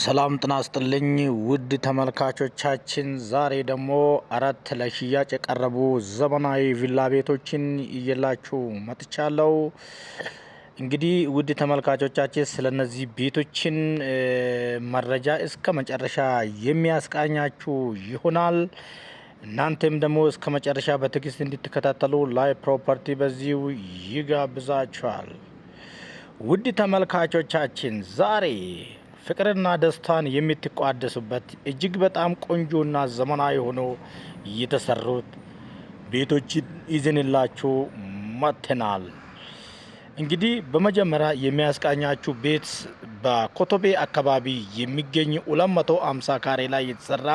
ሰላም ጤና ይስጥልኝ ውድ ተመልካቾቻችን፣ ዛሬ ደግሞ አራት ለሽያጭ የቀረቡ ዘመናዊ ቪላ ቤቶችን እየላችሁ መጥቻለሁ። እንግዲህ ውድ ተመልካቾቻችን ስለነዚህ ቤቶችን መረጃ እስከ መጨረሻ የሚያስቃኛችሁ ይሆናል። እናንተም ደግሞ እስከ መጨረሻ በትዕግስት እንድትከታተሉ ላይ ፕሮፐርቲ በዚሁ ይጋብዛችኋል። ውድ ተመልካቾቻችን ዛሬ ፍቅርና ደስታን የምትቋደሱበት እጅግ በጣም ቆንጆና ዘመናዊ ሆኖ የተሰሩት ቤቶችን ይዘንላችሁ መጥተናል። እንግዲህ በመጀመሪያ የሚያስቃኛችሁ ቤት በኮቶቤ አካባቢ የሚገኝ 250 ካሬ ላይ የተሰራ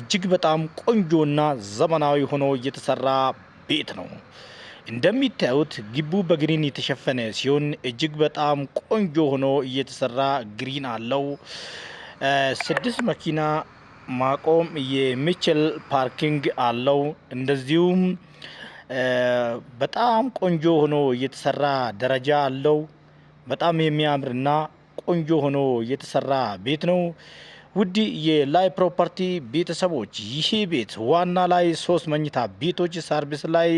እጅግ በጣም ቆንጆና ዘመናዊ ሆኖ የተሰራ ቤት ነው። እንደሚታዩት ግቢው በግሪን የተሸፈነ ሲሆን እጅግ በጣም ቆንጆ ሆኖ እየተሰራ ግሪን አለው። ስድስት መኪና ማቆም የሚችል ፓርኪንግ አለው። እንደዚሁም በጣም ቆንጆ ሆኖ እየተሰራ ደረጃ አለው። በጣም የሚያምርና ቆንጆ ሆኖ የተሰራ ቤት ነው። ውድ የላይ ፕሮፐርቲ ቤተሰቦች ይህ ቤት ዋና ላይ ሶስት መኝታ ቤቶች፣ ሰርቪስ ላይ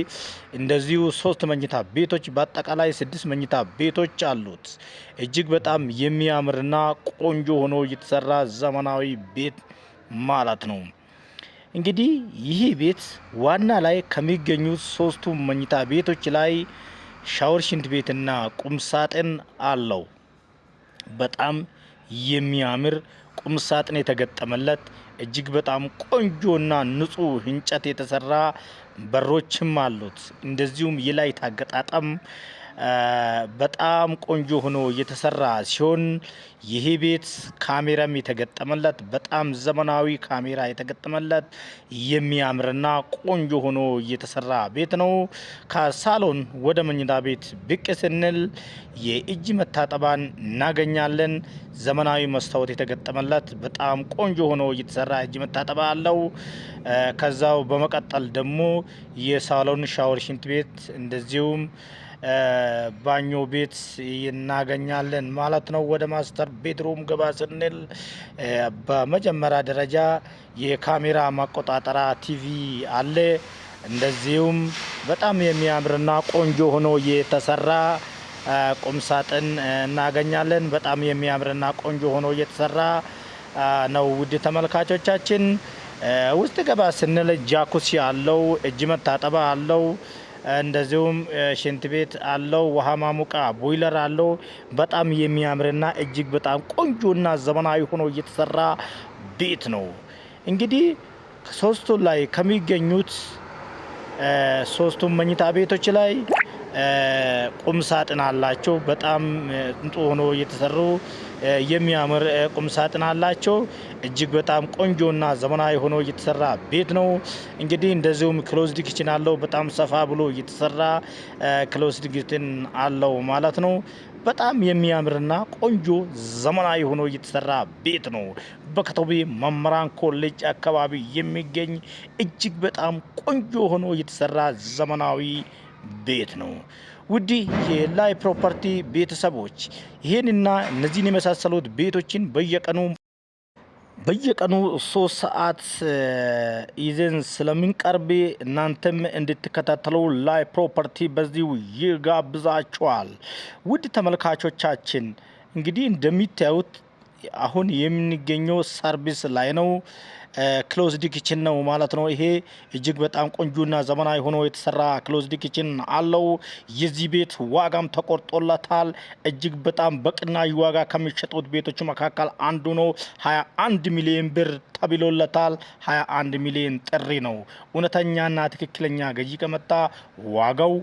እንደዚሁ ሶስት መኝታ ቤቶች፣ በአጠቃላይ ስድስት መኝታ ቤቶች አሉት። እጅግ በጣም የሚያምርና ቆንጆ ሆኖ የተሰራ ዘመናዊ ቤት ማለት ነው። እንግዲህ ይህ ቤት ዋና ላይ ከሚገኙት ሶስቱ መኝታ ቤቶች ላይ ሻወር፣ ሽንት ቤትና ቁምሳጥን አለው። በጣም የሚያምር ቁም ሳጥን የተገጠመለት እጅግ በጣም ቆንጆና ንጹህ እንጨት የተሰራ በሮችም አሉት። እንደዚሁም የላይት አገጣጠም በጣም ቆንጆ ሆኖ የተሰራ ሲሆን ይህ ቤት ካሜራም የተገጠመለት በጣም ዘመናዊ ካሜራ የተገጠመለት የሚያምርና ቆንጆ ሆኖ የተሰራ ቤት ነው። ከሳሎን ወደ መኝታ ቤት ብቅ ስንል የእጅ መታጠባን እናገኛለን። ዘመናዊ መስታወት የተገጠመለት በጣም ቆንጆ ሆኖ የተሰራ እጅ መታጠባ አለው። ከዛው በመቀጠል ደግሞ የሳሎን ሻወር ሽንት ቤት እንደዚሁም ባኞ ቤት እናገኛለን ማለት ነው። ወደ ማስተር ቤድሩም ገባ ስንል በመጀመሪያ ደረጃ የካሜራ መቆጣጠሪያ ቲቪ አለ። እንደዚሁም በጣም የሚያምርና ቆንጆ ሆኖ የተሰራ ቁምሳጥን እናገኛለን። በጣም የሚያምርና ቆንጆ ሆኖ የተሰራ ነው። ውድ ተመልካቾቻችን ውስጥ ገባ ስንል ጃኩሲ አለው፣ እጅ መታጠባ አለው። እንደዚሁም ሽንት ቤት አለው፣ ውሃ ማሙቃ ቦይለር አለው። በጣም የሚያምርና እጅግ በጣም ቆንጆና ዘመናዊ ሆኖ እየተሰራ ቤት ነው። እንግዲህ ሶስቱ ላይ ከሚገኙት ሶስቱም መኝታ ቤቶች ላይ ቁም ሳጥን አላቸው። በጣም ንጡ ሆኖ የተሰሩ የሚያምር ቁም ሳጥን አላቸው። እጅግ በጣም ቆንጆና ዘመናዊ ሆኖ እየተሰራ ቤት ነው። እንግዲህ እንደዚሁም ክሎዝድ ኪችን አለው። በጣም ሰፋ ብሎ እየተሰራ ክሎዝድ ኪችን አለው ማለት ነው። በጣም የሚያምርና ቆንጆ ዘመናዊ ሆኖ እየተሰራ ቤት ነው። በኮተቤ መምህራን ኮሌጅ አካባቢ የሚገኝ እጅግ በጣም ቆንጆ ሆኖ እየተሰራ ዘመናዊ ቤት ነው። ውድ የላይ ፕሮፐርቲ ቤተሰቦች ይህንና እነዚህን የመሳሰሉት ቤቶችን በየቀኑ በየቀኑ ሶስት ሰዓት ይዘን ስለምንቀርብ እናንተም እንድትከታተሉ ላይ ፕሮፐርቲ በዚሁ ይጋብዛችኋል። ውድ ተመልካቾቻችን እንግዲህ እንደሚታዩት አሁን የምንገኘው ሰርቪስ ላይ ነው። ክሎዝድ ኪችን ነው ማለት ነው። ይሄ እጅግ በጣም ቆንጆና ዘመናዊ ሆኖ የተሰራ ክሎዝድ ኪችን አለው። የዚህ ቤት ዋጋም ተቆርጦለታል። እጅግ በጣም በቅናሽ ዋጋ ከሚሸጡት ቤቶች መካከል አንዱ ነው። 21 ሚሊዮን ብር ተብሎለታል። 21 ሚሊዮን ጥሪ ነው። እውነተኛና ትክክለኛ ገዢ ከመጣ ዋጋው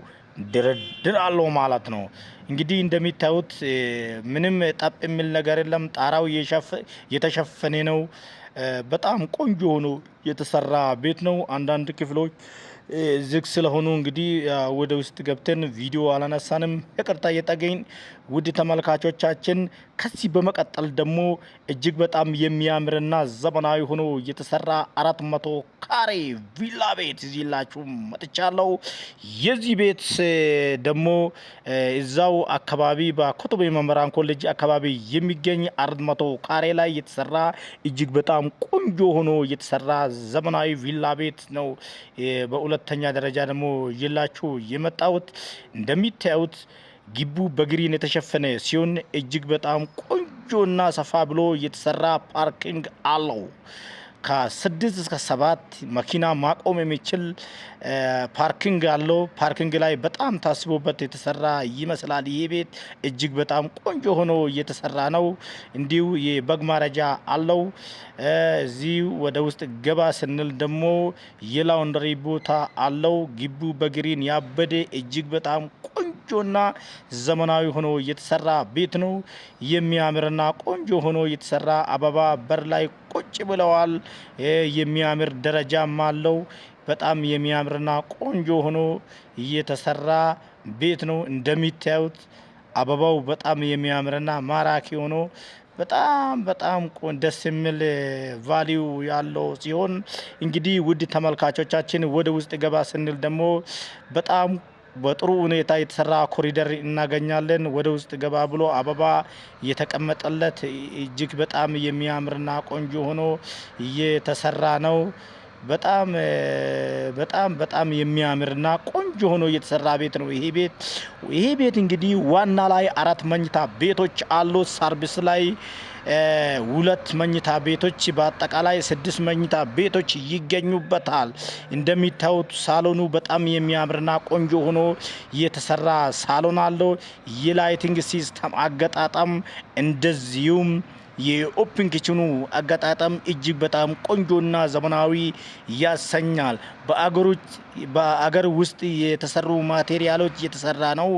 ድርድር አለው ማለት ነው። እንግዲህ እንደሚታዩት ምንም ጠብ የሚል ነገር የለም። ጣራው የተሸፈነ ነው። በጣም ቆንጆ ሆኖ የተሰራ ቤት ነው። አንዳንድ ክፍሎች ዝግ ስለሆኑ እንግዲህ ወደ ውስጥ ገብተን ቪዲዮ አላነሳንም። ይቅርታ እየጠገኝ ውድ ተመልካቾቻችን ከዚህ በመቀጠል ደግሞ እጅግ በጣም የሚያምርና ዘመናዊ ሆኖ የተሰራ አራት መቶ ካሬ ቪላ ቤት እዚላችሁ መጥቻለሁ። የዚህ ቤት ደግሞ እዛው አካባቢ በኮተቤ መምህራን ኮሌጅ አካባቢ የሚገኝ አራት መቶ ካሬ ላይ የተሰራ እጅግ በጣም ቆንጆ ሆኖ የተሰራ ዘመናዊ ቪላ ቤት ነው። በሁለተኛ ደረጃ ደግሞ ይላችሁ የመጣሁት እንደሚታዩት ግቢው በግሪን የተሸፈነ ሲሆን እጅግ በጣም ቆንጆና ሰፋ ብሎ የተሰራ ፓርኪንግ አለው። ከስድስት እስከ ሰባት መኪና ማቆም የሚችል ፓርኪንግ አለው። ፓርኪንግ ላይ በጣም ታስቦበት የተሰራ ይመስላል። ይህ ቤት እጅግ በጣም ቆንጆ ሆኖ እየተሰራ ነው። እንዲሁ የበግ ማረጃ አለው። እዚህ ወደ ውስጥ ገባ ስንል ደግሞ የላውንደሪ ቦታ አለው። ግቢው በግሪን ያበደ እጅግ በጣም ቆንጆና ዘመናዊ ሆኖ የተሰራ ቤት ነው። የሚያምርና ቆንጆ ሆኖ የተሰራ አበባ በር ላይ ቁጭ ብለዋል። የሚያምር ደረጃም አለው። በጣም የሚያምርና ቆንጆ ሆኖ እየተሰራ ቤት ነው። እንደሚታዩት አበባው በጣም የሚያምርና ማራኪ ሆኖ በጣም በጣም ደስ የሚል ቫሊዩ ያለው ሲሆን እንግዲህ ውድ ተመልካቾቻችን ወደ ውስጥ ገባ ስንል ደግሞ በጣም በጥሩ ሁኔታ የተሰራ ኮሪደር እናገኛለን። ወደ ውስጥ ገባ ብሎ አበባ የተቀመጠለት እጅግ በጣም የሚያምርና ቆንጆ ሆኖ እየተሰራ ነው። በጣም በጣም በጣም የሚያምርና ቆንጆ ሆኖ የተሰራ ቤት ነው። ይሄ ቤት ይሄ ቤት እንግዲህ ዋና ላይ አራት መኝታ ቤቶች አሉ። ሰርቪስ ላይ ሁለት መኝታ ቤቶች በአጠቃላይ ስድስት መኝታ ቤቶች ይገኙበታል። እንደሚታዩት ሳሎኑ በጣም የሚያምርና ቆንጆ ሆኖ የተሰራ ሳሎን አለው። የላይቲንግ ሲስተም አገጣጣም እንደዚሁም የኦፕን ኪችኑ አገጣጠም እጅግ በጣም ቆንጆና ዘመናዊ ያሰኛል። በአገር ውስጥ የተሰሩ ማቴሪያሎች የተሰራ ነው።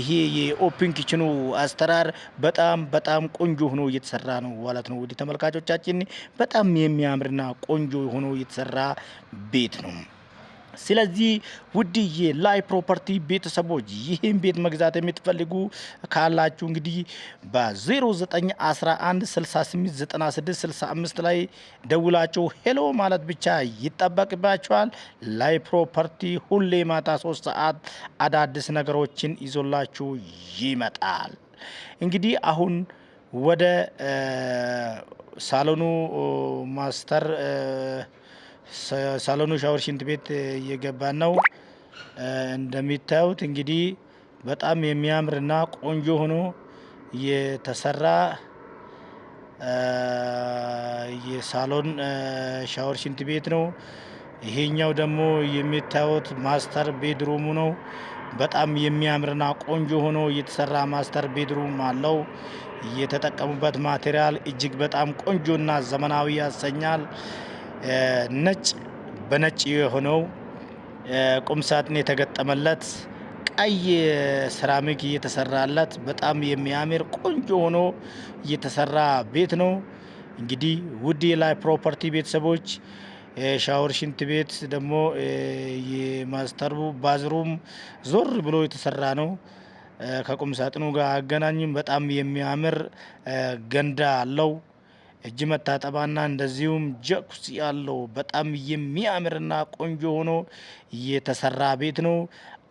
ይሄ የኦፕን ኪችኑ አሰራር በጣም በጣም ቆንጆ ሆኖ እየተሰራ ነው ማለት ነው። ውድ ተመልካቾቻችን በጣም የሚያምርና ቆንጆ ሆኖ የተሰራ ቤት ነው። ስለዚህ ውድዬ ላይ ፕሮፐርቲ ቤተሰቦች ይህን ቤት መግዛት የምትፈልጉ ካላችሁ እንግዲህ በ0911689665 ላይ ደውላችሁ ሄሎ ማለት ብቻ ይጠበቅባችኋል። ላይ ፕሮፐርቲ ሁሌ ማታ ሶስት ሰዓት አዳዲስ ነገሮችን ይዞላችሁ ይመጣል። እንግዲህ አሁን ወደ ሳሎኑ ማስተር ሳሎኑ ሻወር ሽንት ቤት እየገባን ነው። እንደሚታዩት እንግዲህ በጣም የሚያምርና ቆንጆ ሆኖ የተሰራ የሳሎን ሻወር ሽንት ቤት ነው። ይሄኛው ደግሞ የሚታዩት ማስተር ቤድሩሙ ነው። በጣም የሚያምርና ቆንጆ ሆኖ የተሰራ ማስተር ቤድሩም አለው። የተጠቀሙበት ማቴሪያል እጅግ በጣም ቆንጆና ዘመናዊ ያሰኛል። ነጭ በነጭ የሆነው ቁም ሳጥን የተገጠመለት ቀይ ሴራሚክ እየተሰራለት በጣም የሚያምር ቆንጆ ሆኖ እየተሰራ ቤት ነው። እንግዲህ ውድ የላይ ፕሮፐርቲ ቤተሰቦች ሻወር፣ ሽንት ቤት ደግሞ የማስተሩ ባዝሩም ዞር ብሎ የተሰራ ነው። ከቁም ሳጥኑ ጋር አገናኝም በጣም የሚያምር ገንዳ አለው። እጅ መታጠባና እንደዚሁም ጀኩስ ያለው በጣም የሚያምርና ቆንጆ ሆኖ የተሰራ ቤት ነው።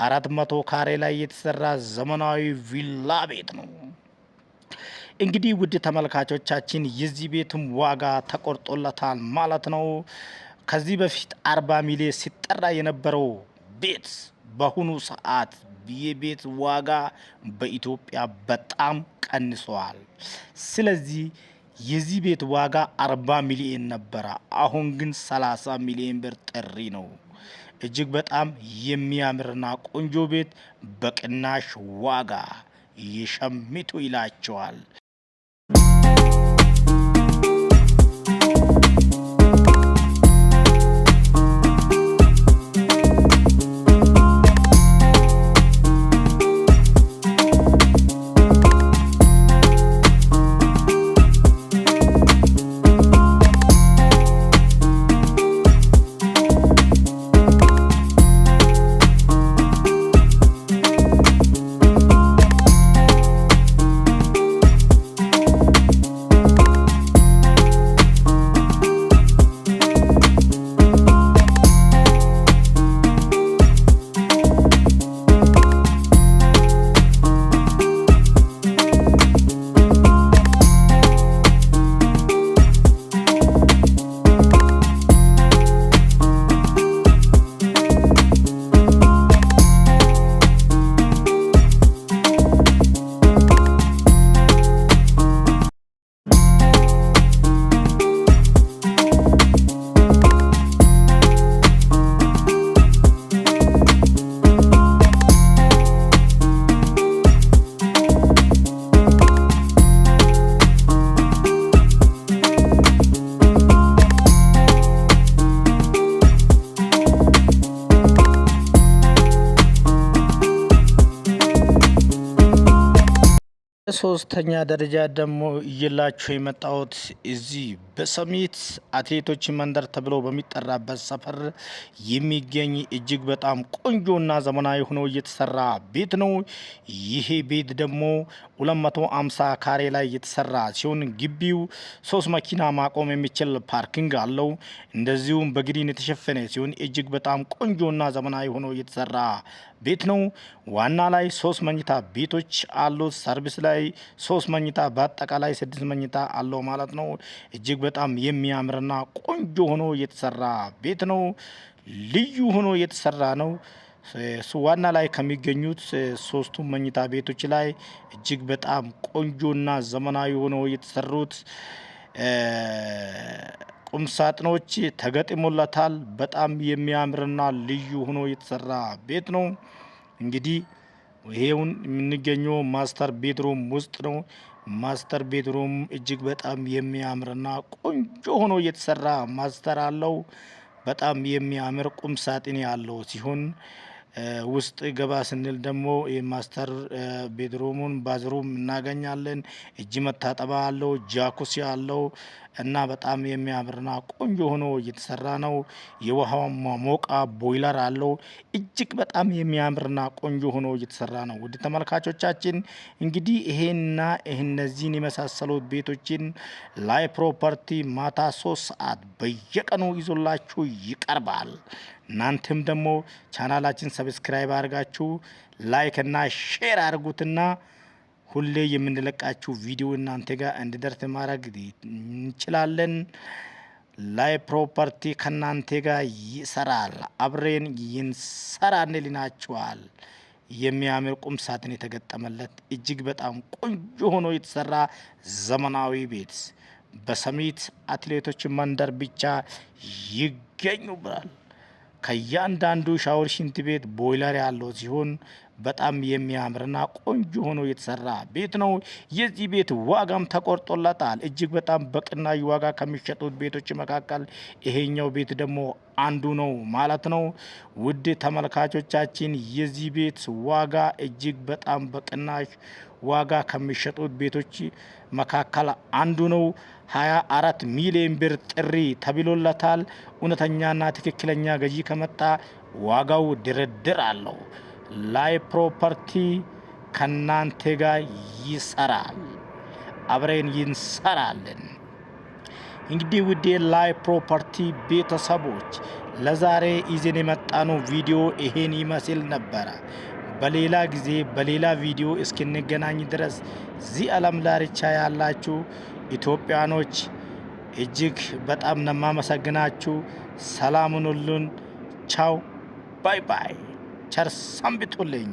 አራት መቶ ካሬ ላይ የተሰራ ዘመናዊ ቪላ ቤት ነው። እንግዲህ ውድ ተመልካቾቻችን የዚህ ቤትም ዋጋ ተቆርጦለታል ማለት ነው። ከዚህ በፊት አርባ ሚሊዮን ሲጠራ የነበረው ቤት በአሁኑ ሰዓት የቤት ዋጋ በኢትዮጵያ በጣም ቀንሰዋል። ስለዚህ የዚህ ቤት ዋጋ 40 ሚሊዮን ነበረ። አሁን ግን 30 ሚሊዮን ብር ጥሪ ነው። እጅግ በጣም የሚያምርና ቆንጆ ቤት በቅናሽ ዋጋ የሸሚቱ ይላቸዋል። በሶስተኛ ደረጃ ደግሞ እየላችሁ የመጣሁት እዚህ በሰሚት አትሌቶች መንደር ተብሎ በሚጠራበት ሰፈር የሚገኝ እጅግ በጣም ቆንጆና ዘመናዊ ሆኖ እየተሰራ ቤት ነው። ይሄ ቤት ደግሞ 250 ካሬ ላይ የተሰራ ሲሆን ግቢው ሶስት መኪና ማቆም የሚችል ፓርኪንግ አለው። እንደዚሁም በግሪን የተሸፈነ ሲሆን እጅግ በጣም ቆንጆና ዘመናዊ ሆኖ እየተሰራ ቤት ነው። ዋና ላይ ሶስት መኝታ ቤቶች አሉት። ሰርቪስ ላይ ሶስት መኝታ፣ በአጠቃላይ ስድስት መኝታ አለው ማለት ነው እጅግ በጣም የሚያምርና ቆንጆ ሆኖ የተሰራ ቤት ነው። ልዩ ሆኖ የተሰራ ነው። ስዋና ላይ ከሚገኙት ሶስቱ መኝታ ቤቶች ላይ እጅግ በጣም ቆንጆና ዘመናዊ ሆኖ የተሰሩት ቁም ሳጥኖች ተገጥሞለታል። በጣም የሚያምርና ልዩ ሆኖ የተሰራ ቤት ነው። እንግዲህ ይሄውን የምንገኘው ማስተር ቤድሩም ውስጥ ነው። ማስተር ቤድሩም እጅግ በጣም የሚያምርና ቆንጆ ሆኖ የተሰራ ማስተር አለው። በጣም የሚያምር ቁም ሳጥን ያለው ሲሆን ውስጥ ገባ ስንል ደግሞ የማስተር ቤድሩሙን ባዝሩም እናገኛለን። እጅ መታጠባ አለው። ጃኩሲ አለው። እና በጣም የሚያምርና ቆንጆ ሆኖ እየተሰራ ነው። የውሃ ማሞቃ ቦይለር አለው። እጅግ በጣም የሚያምርና ቆንጆ ሆኖ እየተሰራ ነው። ውድ ተመልካቾቻችን እንግዲህ ይሄና እነዚህን የመሳሰሉት ቤቶችን ላይ ፕሮፐርቲ ማታ ሶስት ሰዓት በየቀኑ ይዞላችሁ ይቀርባል። እናንተም ደግሞ ቻናላችን ሰብስክራይብ አድርጋችሁ ላይክ እና ሼር አድርጉትና ሁሌ የምንለቃችሁ ቪዲዮ እናንተ ጋር እንድደርስ ማድረግ እንችላለን። ላይ ፕሮፐርቲ ከእናንተ ጋር ይሰራል። አብሬን ይንሰራ ልናችኋል። የሚያምር ቁም ሳጥን የተገጠመለት እጅግ በጣም ቆንጆ ሆኖ የተሰራ ዘመናዊ ቤት በሰሚት አትሌቶች መንደር ብቻ ይገኙ ብሏል። ከእያንዳንዱ ሻወር፣ ሽንት ቤት ቦይለር ያለው ሲሆን በጣም የሚያምርና ቆንጆ ሆኖ የተሰራ ቤት ነው። የዚህ ቤት ዋጋም ተቆርጦለታል። እጅግ በጣም በቅናሽ ዋጋ ከሚሸጡት ቤቶች መካከል ይሄኛው ቤት ደግሞ አንዱ ነው ማለት ነው። ውድ ተመልካቾቻችን የዚህ ቤት ዋጋ እጅግ በጣም በቅናሽ ዋጋ ከሚሸጡት ቤቶች መካከል አንዱ ነው። 24 ሚሊዮን ብር ጥሪ ተብሎለታል። እውነተኛና ትክክለኛ ገዢ ከመጣ ዋጋው ድርድር አለው። ላይ ፕሮፐርቲ ከእናንተ ጋር ይሰራል፣ አብረን ይንሰራለን። እንግዲህ ውዴ ላይ ፕሮፐርቲ ቤተሰቦች ለዛሬ ይዘን የመጣነው ቪዲዮ ይሄን ይመስል ነበረ። በሌላ ጊዜ በሌላ ቪዲዮ እስክንገናኝ ድረስ እዚህ ዓለም ዳርቻ ያላችሁ ኢትዮጵያኖች እጅግ በጣም ነማመሰግናችሁ። ሰላሙን ሁሉን ቻው፣ ባይ ባይ። ቸር ሰንብቱልኝ።